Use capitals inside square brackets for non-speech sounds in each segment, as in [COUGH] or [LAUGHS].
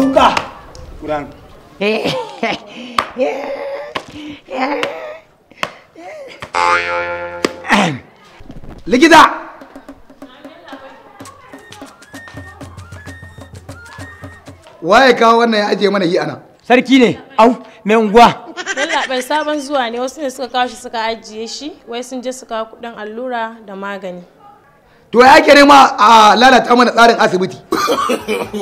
hauka kuran likita waye kawo wannan ya ajiye mana yi ana sarki ne au mai unguwa lallaɓar sabon zuwa ne wasu ne suka kawo shi suka ajiye shi wai sun je suka kudin allura da magani to ya ke nema a lalata mana tsarin asibiti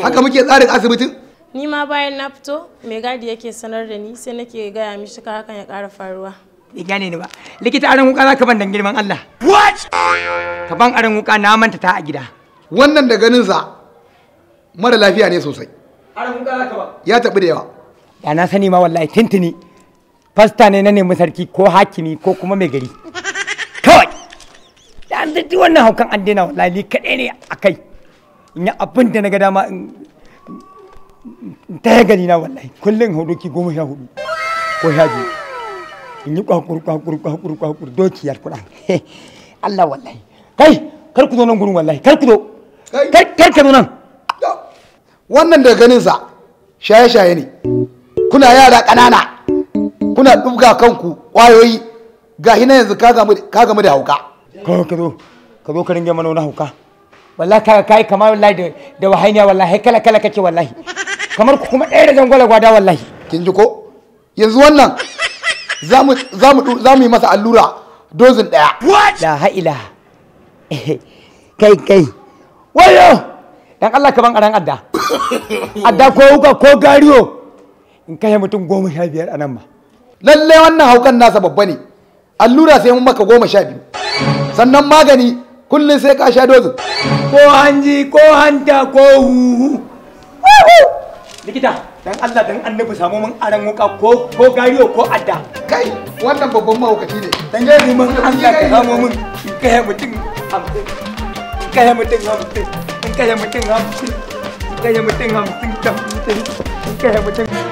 haka muke tsarin asibitin ni ma bayan na fito mai gadi yake sanar da ni sai nake gaya mishi ka hakan ya kara faruwa bai gane ni ba likita aran wuka ka ban dan girman Allah what ka ban aran wuka na manta ta a gida wannan da ganin sa mara lafiya ne sosai aran wuka ka ba ya tabi da yawa ya na sani ma wallahi tintini fasta ne na nemi sarki ko hakimi ko kuma mai gari kawai da an wannan haukan an daina wallahi kadai ne akai in yi abin da na ga dama ta ya gani na wallahi kullum hudu goma sha hudu ko sha biyu in yi kwakur kwakur kwakur kwakur dokiyar kuɗa [LAUGHS] Allah wallahi kai kar ku zo nan gurin wallahi kar ku zo kar ka zo nan wannan da ganin sa shaye-shaye ne kuna yara ƙanana kuna dubga kanku ƙwayoyi ga hina yanzu ka gamu da hauka ka zo ka zo ka ringe mana wani hauka wallahi ka kai kama wallahi da wahainiya wallahi kala kala kake wallahi kamar ku kuma ɗaya da zangwala gwada wallahi kin ji ko yanzu wannan za mu yi masa allura dozin ɗaya la ha'ila [LAUGHS] kai kai wayo dan Allah ka ban aran adda adda ko wuka ko gariyo in kai mutum goma sha biyar anan ma lalle wannan haukan nasa babba ne allura sai mun maka goma sha biyu sannan magani kullum sai ka sha dozin ko hanji ko hanta ko huhu likita dan Allah dan annabi samu mun aran wuka ko ko gariyo ko adda kai wannan babban mahaukaci ne dan ga mu mun Allah ka samu mun in kai mutum 50 in kai mutum 50 in kai mutum 50 in kai mutum 50 in kai mutum